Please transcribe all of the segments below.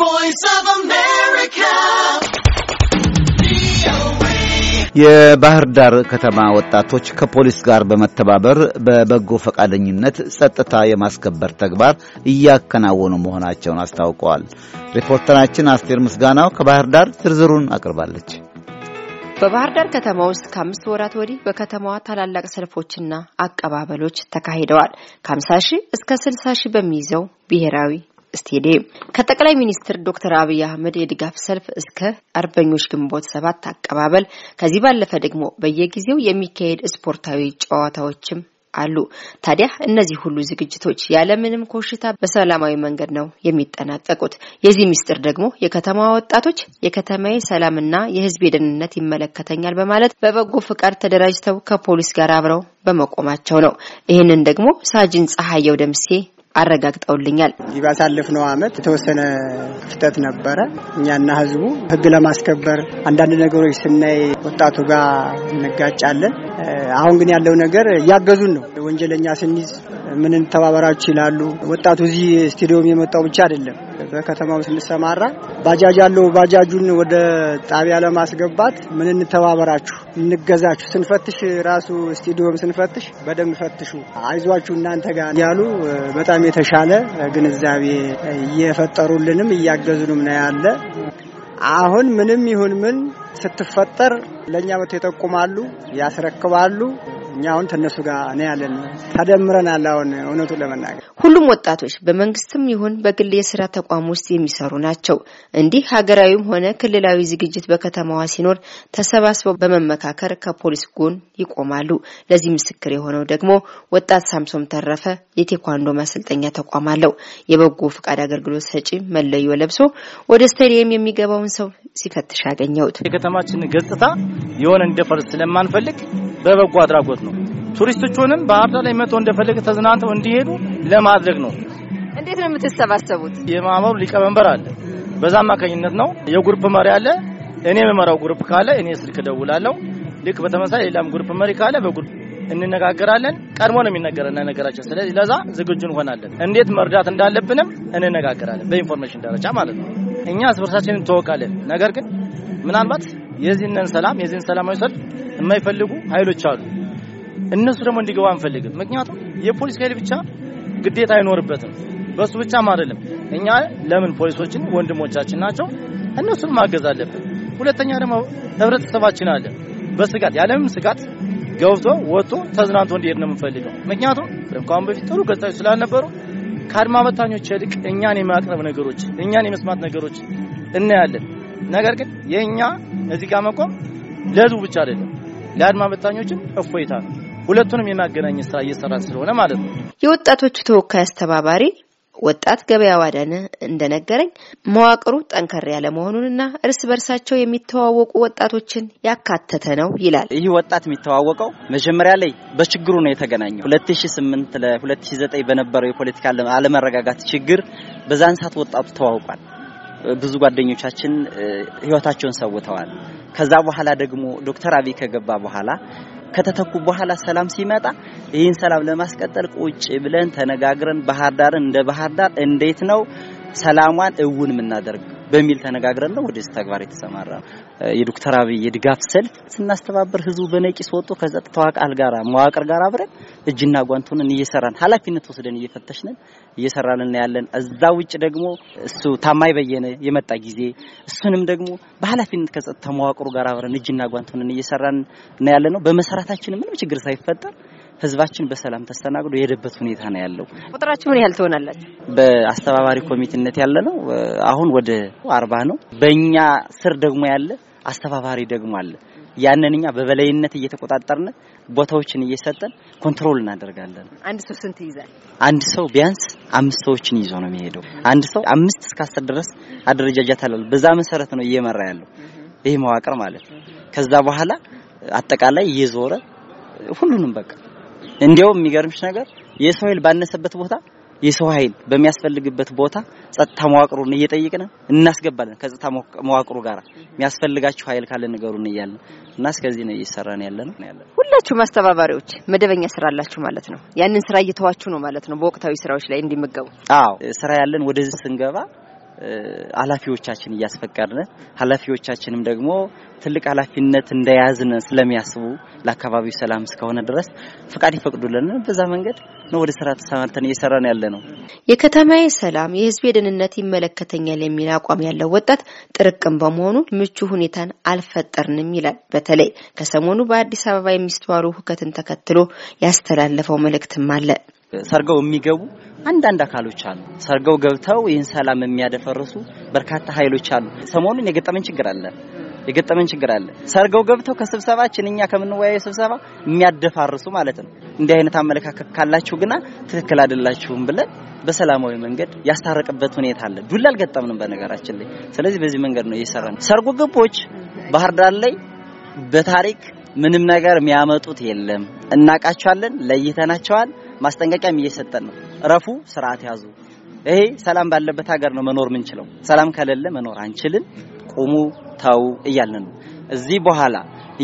voice የባህር ዳር ከተማ ወጣቶች ከፖሊስ ጋር በመተባበር በበጎ ፈቃደኝነት ጸጥታ የማስከበር ተግባር እያከናወኑ መሆናቸውን አስታውቀዋል። ሪፖርተራችን አስቴር ምስጋናው ከባህር ዳር ዝርዝሩን አቅርባለች። በባህር ዳር ከተማ ውስጥ ከአምስት ወራት ወዲህ በከተማዋ ታላላቅ ሰልፎችና አቀባበሎች ተካሂደዋል። ከ50 ሺህ እስከ 60 ሺህ በሚይዘው ብሔራዊ ስቴዲየም ከጠቅላይ ሚኒስትር ዶክተር አብይ አህመድ የድጋፍ ሰልፍ እስከ አርበኞች ግንቦት ሰባት አቀባበል ከዚህ ባለፈ ደግሞ በየጊዜው የሚካሄድ ስፖርታዊ ጨዋታዎችም አሉ። ታዲያ እነዚህ ሁሉ ዝግጅቶች ያለምንም ኮሽታ በሰላማዊ መንገድ ነው የሚጠናቀቁት። የዚህ ምስጢር ደግሞ የከተማ ወጣቶች የከተማዊ ሰላምና የህዝብ ደህንነት ይመለከተኛል በማለት በበጎ ፍቃድ ተደራጅተው ከፖሊስ ጋር አብረው በመቆማቸው ነው። ይህንን ደግሞ ሳጅን ፀሐየው ደምሴ አረጋግጠውልኛል። እዚህ ባሳለፍነው አመት የተወሰነ ክፍተት ነበረ። እኛና ህዝቡ ህግ ለማስከበር አንዳንድ ነገሮች ስናይ ወጣቱ ጋር እንጋጫለን። አሁን ግን ያለው ነገር እያገዙን ነው። ወንጀለኛ ስንይዝ ምን ተባበራችሁ ይላሉ። ወጣቱ እዚህ ስቱዲዮም የመጣው ብቻ አይደለም። በከተማው ስንሰማራ ባጃጅ አለው። ባጃጁን ወደ ጣቢያ ለማስገባት ምን እንተባበራችሁ፣ እንገዛችሁ፣ ስንፈትሽ ራሱ ስቱዲዮም ስንፈትሽ በደንብ ፈትሹ፣ አይዟችሁ እናንተ ጋር ያሉ በጣም የተሻለ ግንዛቤ እየፈጠሩልንም እያገዙንም ነው ያለ አሁን ምንም ይሁን ምን ስትፈጠር ለእኛ መጥቶ ይጠቁማሉ፣ ያስረክባሉ። እኛ አሁን ከእነሱ ጋር እኔ ያለን። ተደምረናል። አሁን እውነቱ ለመናገር ሁሉም ወጣቶች በመንግስትም ይሁን በግል የስራ ተቋም ውስጥ የሚሰሩ ናቸው። እንዲህ ሀገራዊም ሆነ ክልላዊ ዝግጅት በከተማዋ ሲኖር ተሰባስበው በመመካከር ከፖሊስ ጎን ይቆማሉ። ለዚህ ምስክር የሆነው ደግሞ ወጣት ሳምሶም ተረፈ የቴኳንዶ ማሰልጠኛ ተቋም አለው። የበጎ ፈቃድ አገልግሎት ሰጪ መለዮ ለብሶ ወደ ስታዲየም የሚገባውን ሰው ሲፈትሽ ያገኘሁት የከተማችን ገጽታ የሆነ እንደፈርስ ስለማንፈልግ በበጎ አድራጎት ነው። ቱሪስቶቹንም ባህር ዳር ላይ መጥተው እንደፈለገ ተዝናንተው እንዲሄዱ ለማድረግ ነው። እንዴት ነው የምትሰባሰቡት? የማህበሩ ሊቀመንበር አለ። በዛ አማካኝነት ነው። የግሩፕ መሪ አለ። እኔ የምመራው ግሩፕ ካለ እኔ ስልክ ደውላለሁ። ልክ በተመሳሳይ ሌላም ግሩፕ መሪ ካለ በግሩፕ እንነጋገራለን። ቀድሞ ነው የሚነገረን ነገራችን። ስለዚህ ለዛ ዝግጁ እንሆናለን። እንዴት መርዳት እንዳለብንም እንነጋገራለን። በኢንፎርሜሽን ደረጃ ማለት ነው። እኛ ስብርሳችን እንተወቃለን። ነገር ግን ምናልባት የዚህን ሰላም የዚህን ሰላማዊ ሰልፍ የማይፈልጉ ኃይሎች አሉ። እነሱ ደግሞ እንዲገባ አንፈልግም። ምክንያቱም የፖሊስ ኃይል ብቻ ግዴታ አይኖርበትም። በሱ ብቻም አይደለም። እኛ ለምን ፖሊሶችን ወንድሞቻችን ናቸው፣ እነሱን ማገዝ አለብን። ሁለተኛ ደግሞ ህብረተሰባችን አለ። በስጋት ያለምንም ስጋት ገብቶ ወጥቶ ተዝናንቶ እንዲሄድ ነው የምንፈልገው። ምክንያቱም ከአሁን በፊት ጥሩ ገጻች ስላልነበሩ ከአድማ በታኞች ይልቅ እኛን የማቅረብ ነገሮች፣ እኛን የመስማት ነገሮች እናያለን። ነገር ግን የእኛ እዚህ ጋር መቆም ለህዝቡ ብቻ አይደለም፣ ለአድማ በታኞችም እፎይታ ነው። ሁለቱንም የማገናኘት ስራ እየሰራን ስለሆነ ማለት ነው። የወጣቶቹ ተወካይ አስተባባሪ ወጣት ገበያ ዋዳነ እንደነገረኝ መዋቅሩ ጠንከር ያለ መሆኑንና እርስ በርሳቸው የሚተዋወቁ ወጣቶችን ያካተተ ነው ይላል። ይህ ወጣት የሚተዋወቀው መጀመሪያ ላይ በችግሩ ነው የተገናኘው። 2008 ለ2009 በነበረው የፖለቲካ አለመረጋጋት ችግር በዛን ሰዓት ወጣቱ ተዋውቋል። ብዙ ጓደኞቻችን ህይወታቸውን ሰውተዋል። ከዛ በኋላ ደግሞ ዶክተር አብይ ከገባ በኋላ ከተተኩ በኋላ ሰላም ሲመጣ ይህን ሰላም ለማስቀጠል ቁጭ ብለን ተነጋግረን ባህር ዳርን እንደ ባህር ዳር እንዴት ነው ሰላሟን እውን የምናደርገው በሚል ተነጋግረን ነው ወደዚህ ተግባር የተሰማራ የዶክተር አብይ የድጋፍ ሰልፍ ስናስተባበር ህዝቡ በነቂስ ወጥቶ ከጸጥታው አካል ጋራ መዋቅር ጋር አብረን እጅና ጓንቱን እየሰራን ኃላፊነት ወስደን እየፈተሽን እየሰራን ያለን። እዛ ውጭ ደግሞ እሱ ታማኝ በየነ የመጣ ጊዜ እሱንም ደግሞ በኃላፊነት ከጸጥታ መዋቅሩ ጋር አብረን እጅና ጓንቱን ሆነን እየሰራን ያለ ነው። በመሰራታችን ምንም ችግር ሳይፈጠር ህዝባችን በሰላም ተስተናግዶ የሄደበት ሁኔታ ነው ያለው። ቁጥራችሁ ምን ያህል ትሆናላችሁ? በአስተባባሪ ኮሚቴነት ያለ ነው አሁን ወደ አርባ ነው። በእኛ ስር ደግሞ ያለ አስተባባሪ ደግሞ አለ። ያንን እኛ በበላይነት እየተቆጣጠርን ቦታዎችን እየሰጠን ኮንትሮል እናደርጋለን። አንድ ሰው ስንት ይይዛል? አንድ ሰው ቢያንስ አምስት ሰዎችን ይዞ ነው የሚሄደው። አንድ ሰው አምስት እስከ አስር ድረስ አደረጃጃት አለ። በዛ መሰረት ነው እየመራ ያለው ይህ መዋቅር ማለት ነው። ከዛ በኋላ አጠቃላይ እየዞረ ሁሉንም በቃ እንዲያውም የሚገርምሽ ነገር የሰው ኃይል ባነሰበት ቦታ የሰው ኃይል በሚያስፈልግበት ቦታ ጸጥታ መዋቅሩን እየጠየቅን እናስገባለን። ከጸጥታ መዋቅሩ ጋር የሚያስፈልጋችሁ ኃይል ካለ ንገሩን እያልን እና እስከዚህ ነው እየሰራን ያለ ነው ያለ። ሁላችሁም አስተባባሪዎች መደበኛ ስራ አላችሁ ማለት ነው። ያንን ስራ እየተዋችሁ ነው ማለት ነው። በወቅታዊ ስራዎች ላይ እንዲመገቡ። አዎ ስራ ያለን ወደዚህ ስንገባ ኃላፊዎቻችን እያስፈቀድን ኃላፊዎቻችንም ደግሞ ትልቅ ኃላፊነት እንደያዝን ስለሚያስቡ ለአካባቢው ሰላም እስከሆነ ድረስ ፈቃድ ይፈቅዱልን። በዛ መንገድ ነው ወደ ስራ ተሰማርተን እየሰራን ያለ ነው። የከተማዬ ሰላም፣ የህዝብ ደህንነት ይመለከተኛል የሚል አቋም ያለው ወጣት ጥርቅም በመሆኑ ምቹ ሁኔታን አልፈጠርንም ይላል። በተለይ ከሰሞኑ በአዲስ አበባ የሚስተዋሉ ሁከትን ተከትሎ ያስተላለፈው መልእክትም አለ። ሰርገው የሚገቡ አንዳንድ አካሎች አሉ። ሰርገው ገብተው ይህን ሰላም የሚያደፈርሱ በርካታ ኃይሎች አሉ። ሰሞኑን የገጠመን ችግር አለ የገጠመን ችግር አለ። ሰርገው ገብተው ከስብሰባችን እኛ ከምንወያየው ስብሰባ የሚያደፋርሱ ማለት ነው። እንዲህ አይነት አመለካከት ካላችሁ ግና ትክክል አይደላችሁም ብለን በሰላማዊ መንገድ ያስታረቅበት ሁኔታ አለ። ዱላ አልገጠምንም በነገራችን ላይ። ስለዚህ በዚህ መንገድ ነው እየሰራን። ሰርጎ ገቦች ባህር ዳር ላይ በታሪክ ምንም ነገር የሚያመጡት የለም። እናቃቸዋለን፣ ለይተናቸዋል። ማስጠንቀቂያም እየሰጠን ነው። እረፉ፣ ስርዓት ያዙ። ይሄ ሰላም ባለበት ሀገር ነው መኖር የምንችለው ሰላም ከሌለ መኖር አንችልም ቁሙ፣ ተው እያልን ነው። እዚህ በኋላ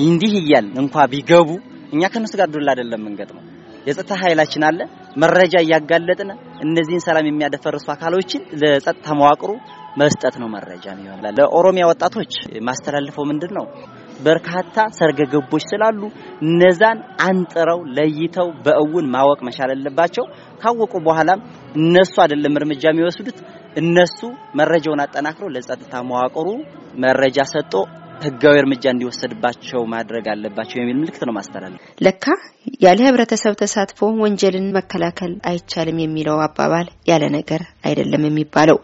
እንዲህ እያልን እንኳ ቢገቡ እኛ ከነሱ ጋር ዱላ አይደለም መንገጥ ነው። የጸጥታ ኃይላችን አለ መረጃ እያጋለጥን እነዚህን ሰላም የሚያደፈርሱ አካሎችን ለጸጥታ መዋቅሩ መስጠት ነው። መረጃ ይሆናል። ለኦሮሚያ ወጣቶች ማስተላልፈው ምንድን ነው? በርካታ ሰርገ ገቦች ስላሉ እነዛን አንጥረው ለይተው በእውን ማወቅ መቻል አለባቸው። ካወቁ በኋላም እነሱ አይደለም እርምጃ የሚወስዱት እነሱ መረጃውን አጠናክረው ለጸጥታ መዋቅሩ መረጃ ሰጥቶ ህጋዊ እርምጃ እንዲወሰድባቸው ማድረግ አለባቸው የሚል ምልክት ነው ማስተላለፍ። ለካ ያለ ህብረተሰብ ተሳትፎ ወንጀልን መከላከል አይቻልም የሚለው አባባል ያለ ነገር አይደለም የሚባለው።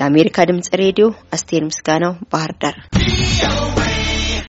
ለአሜሪካ ድምጽ ሬዲዮ አስቴር ምስጋናው ባህር ዳር